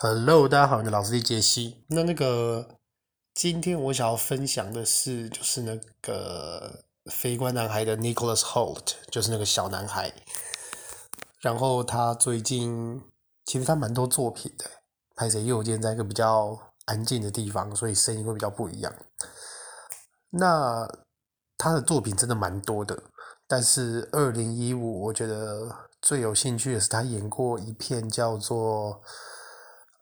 Hello，大家好，我是你的老師傑西。那那個，今天我想要分享的是，就是那個《非關男孩》的 Nicholas Holt，就是那個小男孩。然後他最近其實他蠻多作品的，拍攝又建在一個比較安靜的地方，所以聲音會比較不一樣。那他的作品真的蠻多的，但是二零一五我覺得最有興趣的是他演過一片叫做。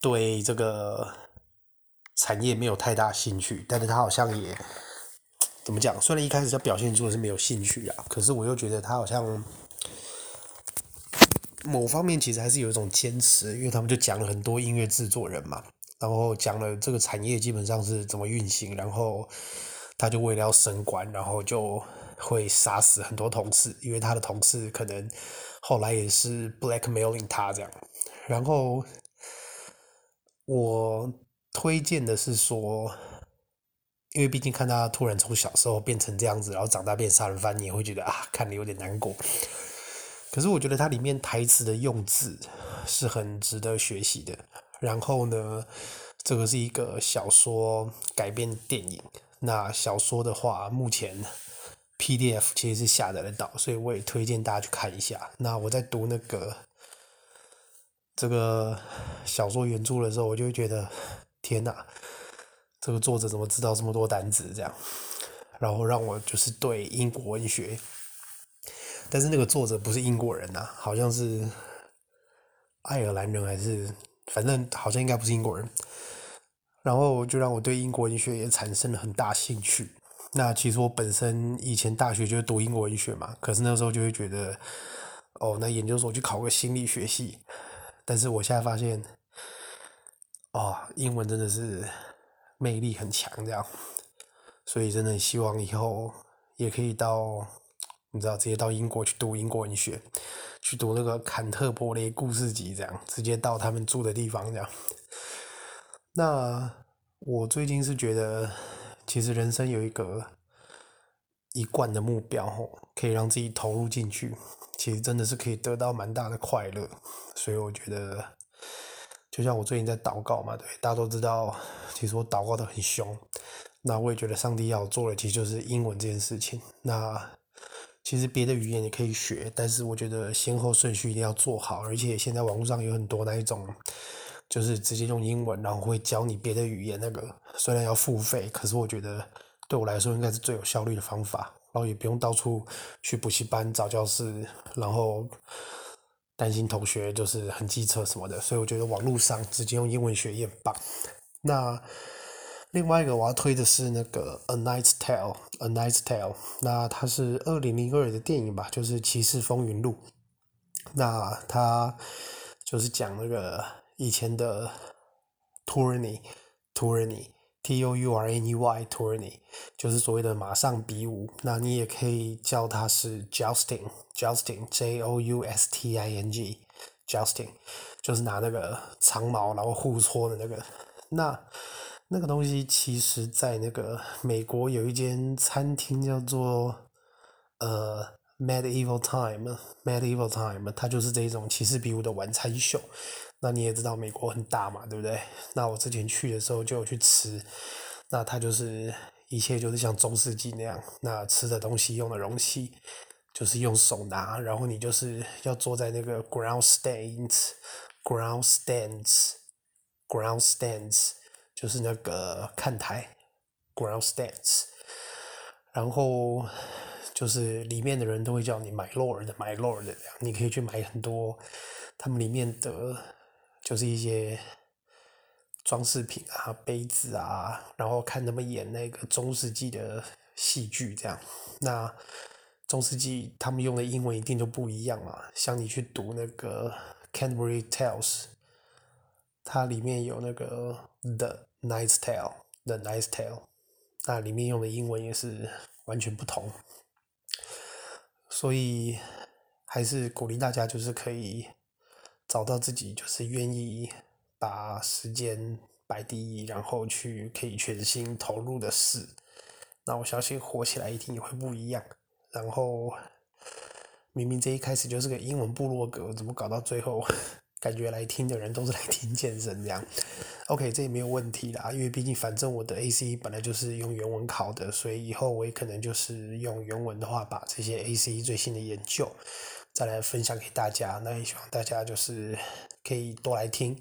對這個產業沒有太大興趣，但是他好像也怎麼講？雖然一開始他表現出的是沒有興趣啊，可是我又覺得他好像某方面其實還是有一種堅持。因為他們就講了很多音樂製作人嘛，然後講了這個產業基本上是怎麼運行，然後他就為了要升官，然後就會殺死很多同事，因為他的同事可能後來也是 blackmailing 他這樣，然後。我推薦的是說，因為畢竟看他突然從小時候變成這樣子，然後長大變殺人犯，你也會覺得啊，看的有點難過。可是我覺得它裡面台詞的用字是很值得學習的。然後呢，這個是一個小說改編電影。那小說的話，目前 PDF 其實是下載得到，所以我也推薦大家去看一下。那我在讀那個。這個小說原著的時候，我就會覺得天哪，這個作者怎麼知道這麼多單字？這樣，然後讓我就是對英國文學，但是那個作者不是英國人吶、啊，好像是愛爾蘭人還是反正好像應該不是英國人，然後就讓我對英國文學也產生了很大興趣。那其實我本身以前大學就讀英國文學嘛，可是那時候就會覺得哦，那研究所去考個心理學系。但是我現在發現，哦，英文真的是魅力很強這樣，所以真的希望以後也可以到，你知道，直接到英國去讀英國文學，去讀那個《坎特伯雷故事集》這樣，直接到他們住的地方這樣。那我最近是覺得，其實人生有一個。一貫的目標吼，可以讓自己投入進去，其實真的是可以得到蠻大的快樂。所以我覺得，就像我最近在禱告嘛，對，大家都知道，其實我禱告得很凶。那我也覺得上帝要我做的其實就是英文這件事情。那其實別的語言也可以學，但是我覺得先後順序一定要做好。而且現在網絡上有很多那一種，就是直接用英文，然後會教你別的語言。那個雖然要付費，可是我覺得。對我來說應該是最有效率的方法，然後也不用到處去補習班、找教室，然後擔心同學就是很機車什麼的，所以我覺得網絡上直接用英文學也很棒。那另外一個我要推的是那個《A Knight's Tale》，《A Knight's Tale》，那它是二零零二的電影吧，就是《騎士風雲錄》。那它就是講那個以前的 Tourney，Tourney。T-O-U-R-N-E-Y，tourney 就是所謂的馬上比武，那你也可以叫它是 jousting，jousting，J-O-U-S-T-I-N-G，jousting，就是拿那個長矛然後互戳的那個。那那個東西其實在那個美國有一間餐廳叫做，呃。Medieval time, Medieval time，它就是這一種騎士比武的晚餐秀。那你也知道美國很大嘛，對不對？那我之前去的時候就有去吃，那它就是一切就是像中世紀那樣，那吃的東西用的容器就是用手拿，然後你就是要坐在那個 grandstands, grandstands, grandstands，就是那個看台，grandstands，然後。就是裡面的人都會叫你 My Lord 的 My Lord 的，的你可以去買很多，他們裡面的就是一些裝飾品啊、杯子啊，然後看他們演那個中世紀的戲劇這樣。那中世紀他們用的英文一定就不一樣了，像你去讀那個《Canterbury Tales》，它裡面有那個《The Knight's Tale》《The Knight's Tale》，那裡面用的英文也是完全不同。所以還是鼓勵大家，就是可以找到自己，就是願意把時間擺第一，然後去可以全心投入的事。那我相信火起來一定也會不一樣。然後明明這一開始就是個英文部落格，我怎麼搞到最後？感覺來聽的人都是來聽健身這樣，OK，這也沒有問題的啊，因為畢竟反正我的 AC 本來就是用原文考的，所以以後我也可能就是用原文的話把這些 AC 最新的研究再來分享給大家。那也希望大家就是可以多來聽，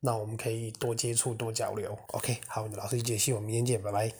那我們可以多接觸多交流。OK，好，老師，傑西，我們明天見，拜拜。